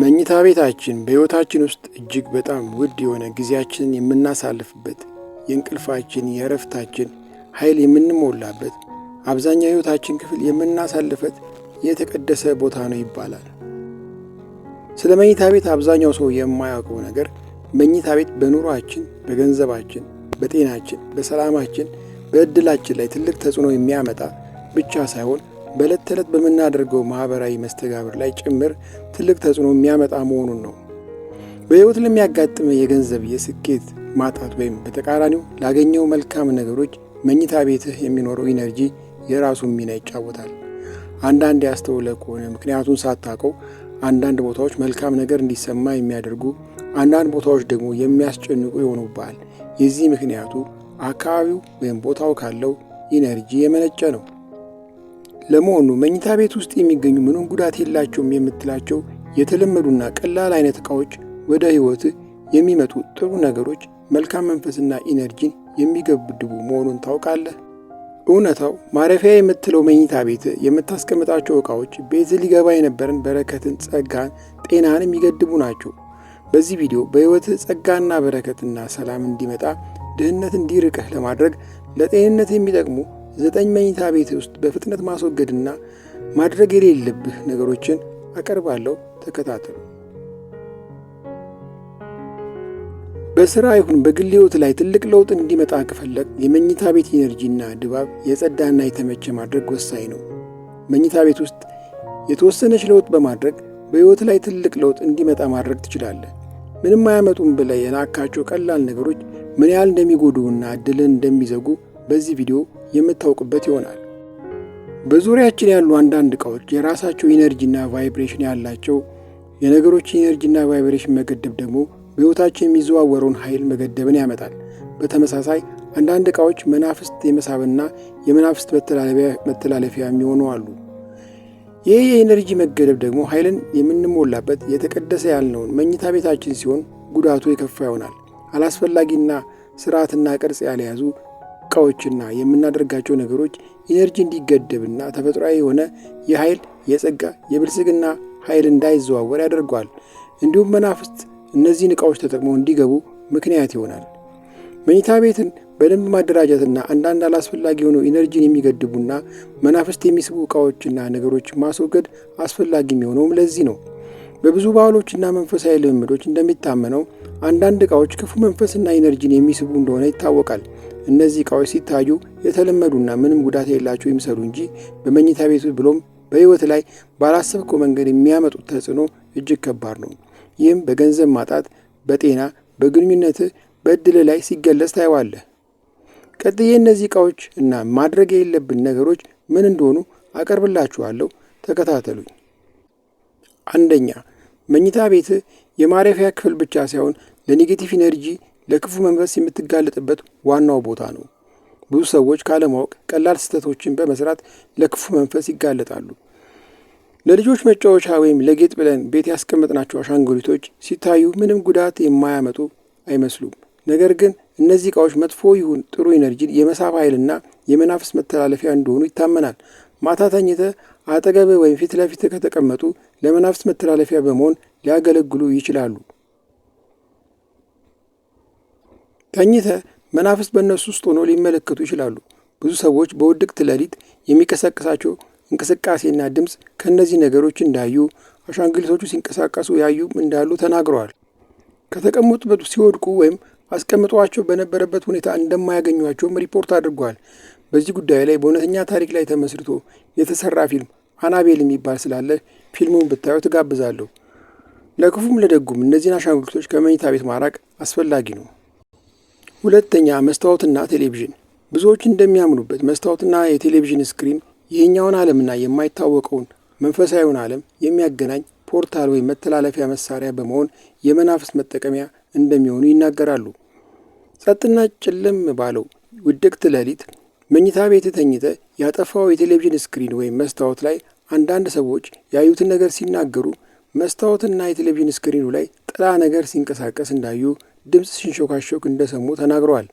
መኝታ ቤታችን በሕይወታችን ውስጥ እጅግ በጣም ውድ የሆነ ጊዜያችንን የምናሳልፍበት የእንቅልፋችን፣ የእረፍታችን ኃይል የምንሞላበት አብዛኛው ሕይወታችን ክፍል የምናሳልፈት የተቀደሰ ቦታ ነው ይባላል። ስለ መኝታ ቤት አብዛኛው ሰው የማያውቀው ነገር መኝታ ቤት በኑሯችን፣ በገንዘባችን፣ በጤናችን፣ በሰላማችን፣ በእድላችን ላይ ትልቅ ተጽዕኖ የሚያመጣ ብቻ ሳይሆን በዕለት ተዕለት በምናደርገው ማኅበራዊ መስተጋብር ላይ ጭምር ትልቅ ተጽዕኖ የሚያመጣ መሆኑን ነው። በሕይወት ለሚያጋጥመ የገንዘብ የስኬት ማጣት ወይም በተቃራኒው ላገኘው መልካም ነገሮች መኝታ ቤትህ የሚኖረው ኢነርጂ የራሱን ሚና ይጫወታል። አንዳንድ ያስተውለ ከሆነ ምክንያቱን ሳታውቀው አንዳንድ ቦታዎች መልካም ነገር እንዲሰማ የሚያደርጉ አንዳንድ ቦታዎች ደግሞ የሚያስጨንቁ ይሆኑብሃል። የዚህ ምክንያቱ አካባቢው ወይም ቦታው ካለው ኢነርጂ የመነጨ ነው። ለመሆኑ መኝታ ቤት ውስጥ የሚገኙ ምንም ጉዳት የላቸውም የምትላቸው የተለመዱና ቀላል አይነት እቃዎች ወደ ህይወት የሚመጡ ጥሩ ነገሮች፣ መልካም መንፈስና ኢነርጂን የሚገድቡ መሆኑን ታውቃለህ? እውነታው ማረፊያ የምትለው መኝታ ቤት የምታስቀምጣቸው እቃዎች ቤት ሊገባ የነበረን በረከትን፣ ጸጋን፣ ጤናን የሚገድቡ ናቸው። በዚህ ቪዲዮ በሕይወትህ ጸጋና በረከትና ሰላም እንዲመጣ ድህነት እንዲርቅህ ለማድረግ ለጤንነት የሚጠቅሙ ዘጠኝ መኝታ ቤት ውስጥ በፍጥነት ማስወገድና ማድረግ የሌለብህ ነገሮችን አቀርባለሁ። ተከታተሉ። በስራ ይሁን በግል ህይወት ላይ ትልቅ ለውጥ እንዲመጣ ከፈለግ የመኝታ ቤት ኢነርጂና ድባብ የጸዳና የተመቸ ማድረግ ወሳኝ ነው። መኝታ ቤት ውስጥ የተወሰነች ለውጥ በማድረግ በህይወት ላይ ትልቅ ለውጥ እንዲመጣ ማድረግ ትችላለህ። ምንም አያመጡም ብለህ የናካቸው ቀላል ነገሮች ምን ያህል እንደሚጎዱና እድልን እንደሚዘጉ በዚህ ቪዲዮ የምታውቅበት ይሆናል። በዙሪያችን ያሉ አንዳንድ ዕቃዎች የራሳቸው ኢነርጂና ቫይብሬሽን ያላቸው፣ የነገሮችን ኢነርጂና ቫይብሬሽን መገደብ ደግሞ በሕይወታችን የሚዘዋወረውን ኃይል መገደብን ያመጣል። በተመሳሳይ አንዳንድ ዕቃዎች መናፍስት የመሳብና የመናፍስት መተላለፊያ የሚሆኑ አሉ። ይህ የኢነርጂ መገደብ ደግሞ ኃይልን የምንሞላበት የተቀደሰ ያልነውን መኝታ ቤታችን ሲሆን ጉዳቱ የከፋ ይሆናል። አላስፈላጊና ስርዓትና ቅርጽ ያልያዙ እቃዎችና የምናደርጋቸው ነገሮች ኢነርጂ እንዲገደብና ተፈጥሯዊ የሆነ የኃይል የጸጋ የብልጽግና ኃይል እንዳይዘዋወር ያደርገዋል። እንዲሁም መናፍስት እነዚህን እቃዎች ተጠቅመው እንዲገቡ ምክንያት ይሆናል። መኝታ ቤትን በደንብ ማደራጀትና አንዳንድ አላስፈላጊ የሆኑ ኢነርጂን የሚገድቡና መናፍስት የሚስቡ እቃዎችና ነገሮች ማስወገድ አስፈላጊ የሚሆነውም ለዚህ ነው። በብዙ ባህሎችና መንፈሳዊ ልምምዶች እንደሚታመነው አንዳንድ እቃዎች ክፉ መንፈስና ኢነርጂን የሚስቡ እንደሆነ ይታወቃል። እነዚህ እቃዎች ሲታዩ የተለመዱና ምንም ጉዳት የሌላቸው ይምሰሉ እንጂ በመኝታ ቤቱ ብሎም በሕይወት ላይ ባላሰብከው መንገድ የሚያመጡት ተጽዕኖ እጅግ ከባድ ነው። ይህም በገንዘብ ማጣት፣ በጤና፣ በግንኙነት በእድል ላይ ሲገለጽ ታይዋለ። ቀጥዬ እነዚህ እቃዎች እና ማድረግ የሌለብን ነገሮች ምን እንደሆኑ አቀርብላችኋለሁ። ተከታተሉኝ። አንደኛ መኝታ ቤት የማረፊያ ክፍል ብቻ ሳይሆን ለኔጌቲቭ ኢነርጂ ለክፉ መንፈስ የምትጋለጥበት ዋናው ቦታ ነው። ብዙ ሰዎች ካለማወቅ ቀላል ስህተቶችን በመስራት ለክፉ መንፈስ ይጋለጣሉ። ለልጆች መጫወቻ ወይም ለጌጥ ብለን ቤት ያስቀመጥናቸው አሻንጉሊቶች ሲታዩ ምንም ጉዳት የማያመጡ አይመስሉም። ነገር ግን እነዚህ እቃዎች መጥፎ ይሁን ጥሩ ኢነርጂን የመሳብ ኃይልና የመናፍስ መተላለፊያ እንደሆኑ ይታመናል። ማታ ተኝተ አጠገብ ወይም ፊት ለፊት ከተቀመጡ ለመናፍስ መተላለፊያ በመሆን ሊያገለግሉ ይችላሉ። ተኝተ መናፍስት በእነሱ ውስጥ ሆኖ ሊመለከቱ ይችላሉ። ብዙ ሰዎች በውድቅት ሌሊት የሚቀሰቅሳቸው እንቅስቃሴና ድምፅ ከእነዚህ ነገሮች እንዳዩ አሻንጉሊቶቹ ሲንቀሳቀሱ ያዩም እንዳሉ ተናግረዋል። ከተቀመጡበት ሲወድቁ ወይም አስቀምጧቸው በነበረበት ሁኔታ እንደማያገኟቸውም ሪፖርት አድርጓል። በዚህ ጉዳይ ላይ በእውነተኛ ታሪክ ላይ ተመስርቶ የተሰራ ፊልም አናቤል የሚባል ስላለ ፊልሙን ብታዩ ትጋብዛለሁ። ለክፉም ለደጉም እነዚህን አሻንጉሊቶች ከመኝታ ቤት ማራቅ አስፈላጊ ነው። ሁለተኛ መስታወትና ቴሌቪዥን። ብዙዎች እንደሚያምኑበት መስታወትና የቴሌቪዥን ስክሪን ይህኛውን ዓለምና የማይታወቀውን መንፈሳዊውን ዓለም የሚያገናኝ ፖርታል ወይም መተላለፊያ መሳሪያ በመሆን የመናፍስ መጠቀሚያ እንደሚሆኑ ይናገራሉ። ጸጥና ጭልም ባለው ውድቅት ሌሊት መኝታ ቤት ተኝተ ያጠፋው የቴሌቪዥን ስክሪን ወይም መስታወት ላይ አንዳንድ ሰዎች ያዩትን ነገር ሲናገሩ መስታወትና የቴሌቪዥን ስክሪኑ ላይ ጥላ ነገር ሲንቀሳቀስ እንዳዩ ድምፅ ሲንሾካሾክ እንደሰሙ ተናግረዋል።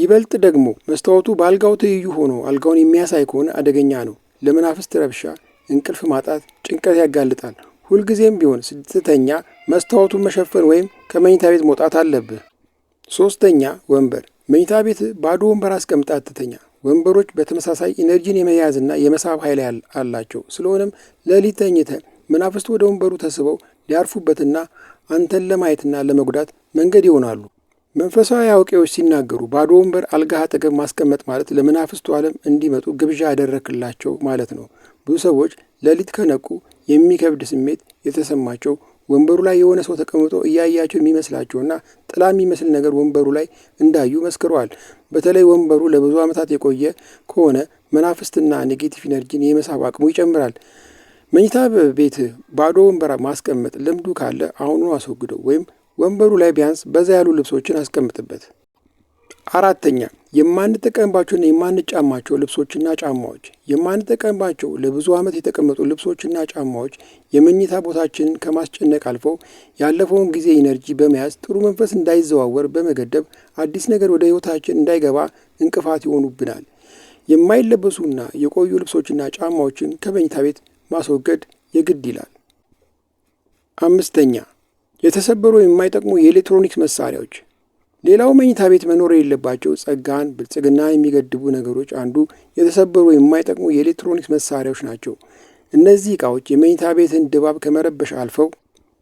ይበልጥ ደግሞ መስታወቱ በአልጋው ትይዩ ሆኖ አልጋውን የሚያሳይ ከሆነ አደገኛ ነው። ለመናፍስት ረብሻ፣ እንቅልፍ ማጣት፣ ጭንቀት ያጋልጣል። ሁልጊዜም ቢሆን ስትተኛ መስታወቱን መሸፈን ወይም ከመኝታ ቤት መውጣት አለብህ። ሶስተኛ ወንበር። መኝታ ቤት ባዶ ወንበር አስቀምጣ አትተኛ። ወንበሮች በተመሳሳይ ኢነርጂን የመያዝና የመሳብ ኃይል አላቸው። ስለሆነም ሌሊት መናፍስት ወደ ወንበሩ ተስበው ሊያርፉበትና አንተን ለማየትና ለመጉዳት መንገድ ይሆናሉ። መንፈሳዊ አዋቂዎች ሲናገሩ ባዶ ወንበር አልጋህ አጠገብ ማስቀመጥ ማለት ለመናፍስቱ ዓለም እንዲመጡ ግብዣ ያደረክላቸው ማለት ነው። ብዙ ሰዎች ሌሊት ከነቁ የሚከብድ ስሜት የተሰማቸው ወንበሩ ላይ የሆነ ሰው ተቀምጦ እያያቸው የሚመስላቸውና ጥላ የሚመስል ነገር ወንበሩ ላይ እንዳዩ መስክረዋል። በተለይ ወንበሩ ለብዙ ዓመታት የቆየ ከሆነ መናፍስትና ኔጌቲቭ ኢነርጂን የመሳብ አቅሙ ይጨምራል። መኝታ ቤት ባዶ ወንበር ማስቀመጥ ልምዱ ካለ አሁኑ አስወግደው ወይም ወንበሩ ላይ ቢያንስ በዛ ያሉ ልብሶችን አስቀምጥበት። አራተኛ የማንጠቀምባቸውን የማንጫማቸው ልብሶችና ጫማዎች። የማንጠቀምባቸው ለብዙ ዓመት የተቀመጡ ልብሶችና ጫማዎች የመኝታ ቦታችንን ከማስጨነቅ አልፈው ያለፈውን ጊዜ ኢነርጂ በመያዝ ጥሩ መንፈስ እንዳይዘዋወር በመገደብ አዲስ ነገር ወደ ሕይወታችን እንዳይገባ እንቅፋት ይሆኑብናል። የማይለበሱና የቆዩ ልብሶችና ጫማዎችን ከመኝታ ቤት ማስወገድ የግድ ይላል። አምስተኛ የተሰበሩ የማይጠቅሙ የኤሌክትሮኒክስ መሳሪያዎች። ሌላው መኝታ ቤት መኖር የሌለባቸው ጸጋን፣ ብልጽግና የሚገድቡ ነገሮች አንዱ የተሰበሩ የማይጠቅሙ የኤሌክትሮኒክስ መሳሪያዎች ናቸው። እነዚህ እቃዎች የመኝታ ቤትን ድባብ ከመረበሽ አልፈው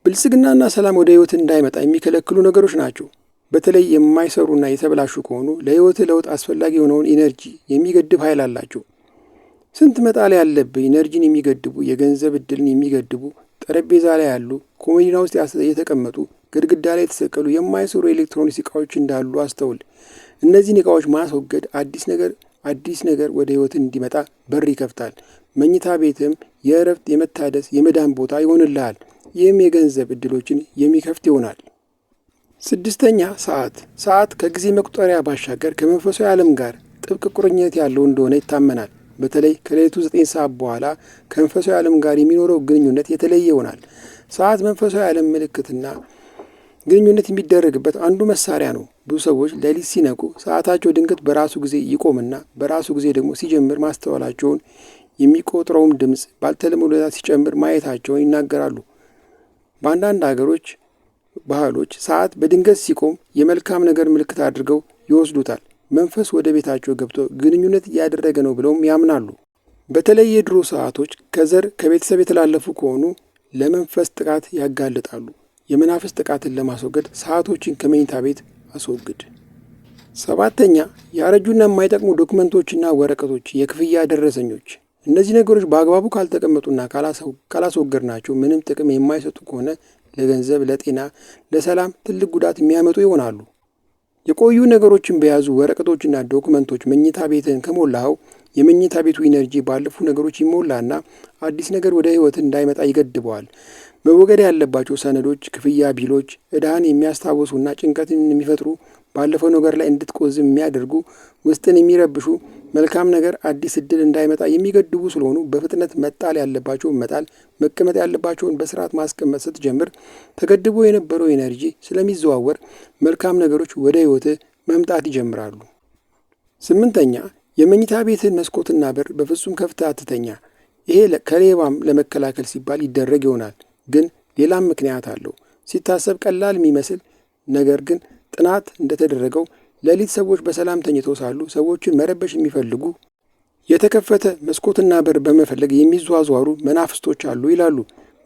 ብልጽግናና ሰላም ወደ ህይወት እንዳይመጣ የሚከለክሉ ነገሮች ናቸው። በተለይ የማይሰሩና የተበላሹ ከሆኑ ለህይወት ለውጥ አስፈላጊ የሆነውን ኢነርጂ የሚገድብ ኃይል አላቸው። ስንት መጣል ያለብህ ኢነርጂን የሚገድቡ የገንዘብ እድልን የሚገድቡ ጠረጴዛ ላይ ያሉ ኮሜዲና ውስጥ የተቀመጡ ግድግዳ ላይ የተሰቀሉ የማይሰሩ ኤሌክትሮኒክስ እቃዎች እንዳሉ አስተውል። እነዚህን እቃዎች ማስወገድ አዲስ ነገር አዲስ ነገር ወደ ህይወት እንዲመጣ በር ይከፍታል። መኝታ ቤትም የእረፍት የመታደስ የመዳን ቦታ ይሆንልሃል። ይህም የገንዘብ እድሎችን የሚከፍት ይሆናል። ስድስተኛ ሰዓት። ሰዓት ከጊዜ መቁጠሪያ ባሻገር ከመንፈሳዊ ዓለም ጋር ጥብቅ ቁርኝት ያለው እንደሆነ ይታመናል። በተለይ ከሌሊቱ ዘጠኝ ሰዓት በኋላ ከመንፈሳዊ ዓለም ጋር የሚኖረው ግንኙነት የተለየ ይሆናል። ሰዓት መንፈሳዊ ዓለም ምልክትና ግንኙነት የሚደረግበት አንዱ መሳሪያ ነው። ብዙ ሰዎች ሌሊት ሲነቁ ሰዓታቸው ድንገት በራሱ ጊዜ ይቆምና በራሱ ጊዜ ደግሞ ሲጀምር ማስተዋላቸውን የሚቆጥረውም ድምፅ ባልተለመደ ሁኔታ ሲጨምር ማየታቸውን ይናገራሉ። በአንዳንድ ሀገሮች ባህሎች ሰዓት በድንገት ሲቆም የመልካም ነገር ምልክት አድርገው ይወስዱታል። መንፈስ ወደ ቤታቸው ገብቶ ግንኙነት እያደረገ ነው ብለውም ያምናሉ። በተለይ የድሮ ሰዓቶች ከዘር ከቤተሰብ የተላለፉ ከሆኑ ለመንፈስ ጥቃት ያጋልጣሉ። የመናፍስ ጥቃትን ለማስወገድ ሰዓቶችን ከመኝታ ቤት አስወግድ። ሰባተኛ ያረጁና የማይጠቅሙ ዶክመንቶችና ወረቀቶች፣ የክፍያ ደረሰኞች። እነዚህ ነገሮች በአግባቡ ካልተቀመጡና ካላስወገድናቸው ምንም ጥቅም የማይሰጡ ከሆነ ለገንዘብ፣ ለጤና፣ ለሰላም ትልቅ ጉዳት የሚያመጡ ይሆናሉ። የቆዩ ነገሮችን በያዙ ወረቀቶችና ዶክመንቶች መኝታ ቤትን ከሞላኸው የመኝታ ቤቱ ኢነርጂ ባለፉ ነገሮች ይሞላና አዲስ ነገር ወደ ህይወት እንዳይመጣ ይገድበዋል። መወገድ ያለባቸው ሰነዶች፣ ክፍያ ቢሎች፣ እዳህን የሚያስታውሱና ጭንቀትን የሚፈጥሩ ባለፈው ነገር ላይ እንድትቆዝም የሚያደርጉ ውስጥን የሚረብሹ መልካም ነገር አዲስ እድል እንዳይመጣ የሚገድቡ ስለሆኑ በፍጥነት መጣል ያለባቸውን መጣል፣ መቀመጥ ያለባቸውን በስርዓት ማስቀመጥ ስትጀምር ተገድቦ የነበረው ኤነርጂ ስለሚዘዋወር መልካም ነገሮች ወደ ህይወትህ መምጣት ይጀምራሉ። ስምንተኛ የመኝታ ቤትህን መስኮትና በር በፍጹም ከፍተህ አትተኛ። ይሄ ከሌባም ለመከላከል ሲባል ይደረግ ይሆናል፣ ግን ሌላም ምክንያት አለው። ሲታሰብ ቀላል የሚመስል ነገር ግን ጥናት እንደተደረገው ሌሊት ሰዎች በሰላም ተኝተው ሳሉ ሰዎችን መረበሽ የሚፈልጉ የተከፈተ መስኮትና በር በመፈለግ የሚዟዟሩ መናፍስቶች አሉ ይላሉ።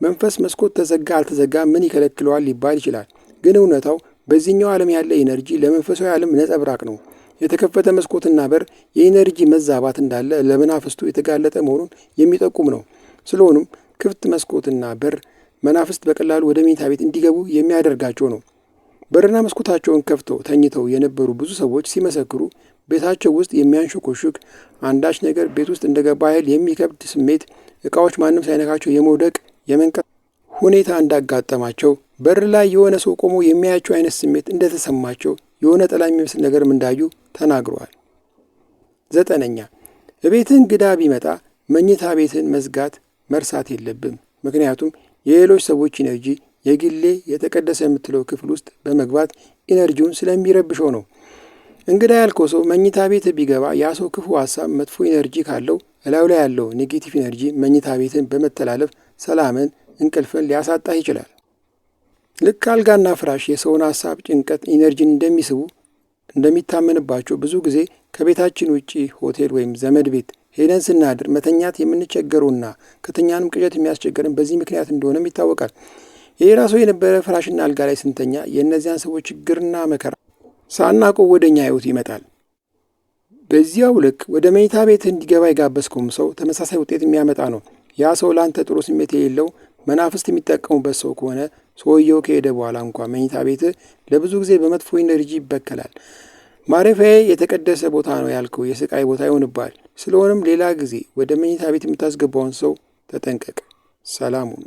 መንፈስ መስኮት ተዘጋ አልተዘጋ ምን ይከለክለዋል ሊባል ይችላል። ግን እውነታው በዚህኛው ዓለም ያለ ኢነርጂ ለመንፈሳዊ ዓለም ነጸብራቅ ነው። የተከፈተ መስኮትና በር የኢነርጂ መዛባት እንዳለ ለመናፍስቱ የተጋለጠ መሆኑን የሚጠቁም ነው። ስለሆኑም ክፍት መስኮትና በር መናፍስት በቀላሉ ወደ መኝታ ቤት እንዲገቡ የሚያደርጋቸው ነው። በርና መስኮታቸውን ከፍተው ተኝተው የነበሩ ብዙ ሰዎች ሲመሰክሩ ቤታቸው ውስጥ የሚያንሾኮሹክ አንዳች ነገር ቤት ውስጥ እንደገባ ያህል የሚከብድ ስሜት፣ እቃዎች ማንም ሳይነካቸው የመውደቅ የመንቀ ሁኔታ እንዳጋጠማቸው፣ በር ላይ የሆነ ሰው ቆሞ የሚያያቸው አይነት ስሜት እንደተሰማቸው፣ የሆነ ጥላ የሚመስል ነገርም እንዳዩ ተናግረዋል። ዘጠነኛ እቤት እንግዳ ቢመጣ መኝታ ቤትን መዝጋት መርሳት የለብም። ምክንያቱም የሌሎች ሰዎች ኢነርጂ የግሌ የተቀደሰ የምትለው ክፍል ውስጥ በመግባት ኢነርጂውን ስለሚረብሸው ነው። እንግዳ ያልከው ሰው መኝታ ቤት ቢገባ ያ ሰው ክፉ ሀሳብ፣ መጥፎ ኢነርጂ ካለው እላዩ ላይ ያለው ኔጌቲቭ ኢነርጂ መኝታ ቤትን በመተላለፍ ሰላምን፣ እንቅልፍን ሊያሳጣህ ይችላል። ልክ አልጋና ፍራሽ የሰውን ሀሳብ፣ ጭንቀት፣ ኢነርጂን እንደሚስቡ እንደሚታመንባቸው ብዙ ጊዜ ከቤታችን ውጪ ሆቴል ወይም ዘመድ ቤት ሄደን ስናድር መተኛት የምንቸገረውና ከተኛንም ቅዠት የሚያስቸገርን በዚህ ምክንያት እንደሆነም ይታወቃል። የራሱ የነበረ ፍራሽና አልጋ ላይ ስንተኛ የእነዚያን ሰዎች ችግርና መከራ ሳናቆ ወደ እኛ ህይወት ይመጣል። በዚያው ልክ ወደ መኝታ ቤት እንዲገባ የጋበዝከውም ሰው ተመሳሳይ ውጤት የሚያመጣ ነው። ያ ሰው ለአንተ ጥሩ ስሜት የሌለው መናፍስት የሚጠቀሙበት ሰው ከሆነ ሰውየው ከሄደ በኋላ እንኳ መኝታ ቤት ለብዙ ጊዜ በመጥፎ ኢነርጂ ይበከላል። ማረፊያዬ የተቀደሰ ቦታ ነው ያልከው የስቃይ ቦታ ይሆንባል። ስለሆነም ሌላ ጊዜ ወደ መኝታ ቤት የምታስገባውን ሰው ተጠንቀቅ። ሰላም ሁኑ።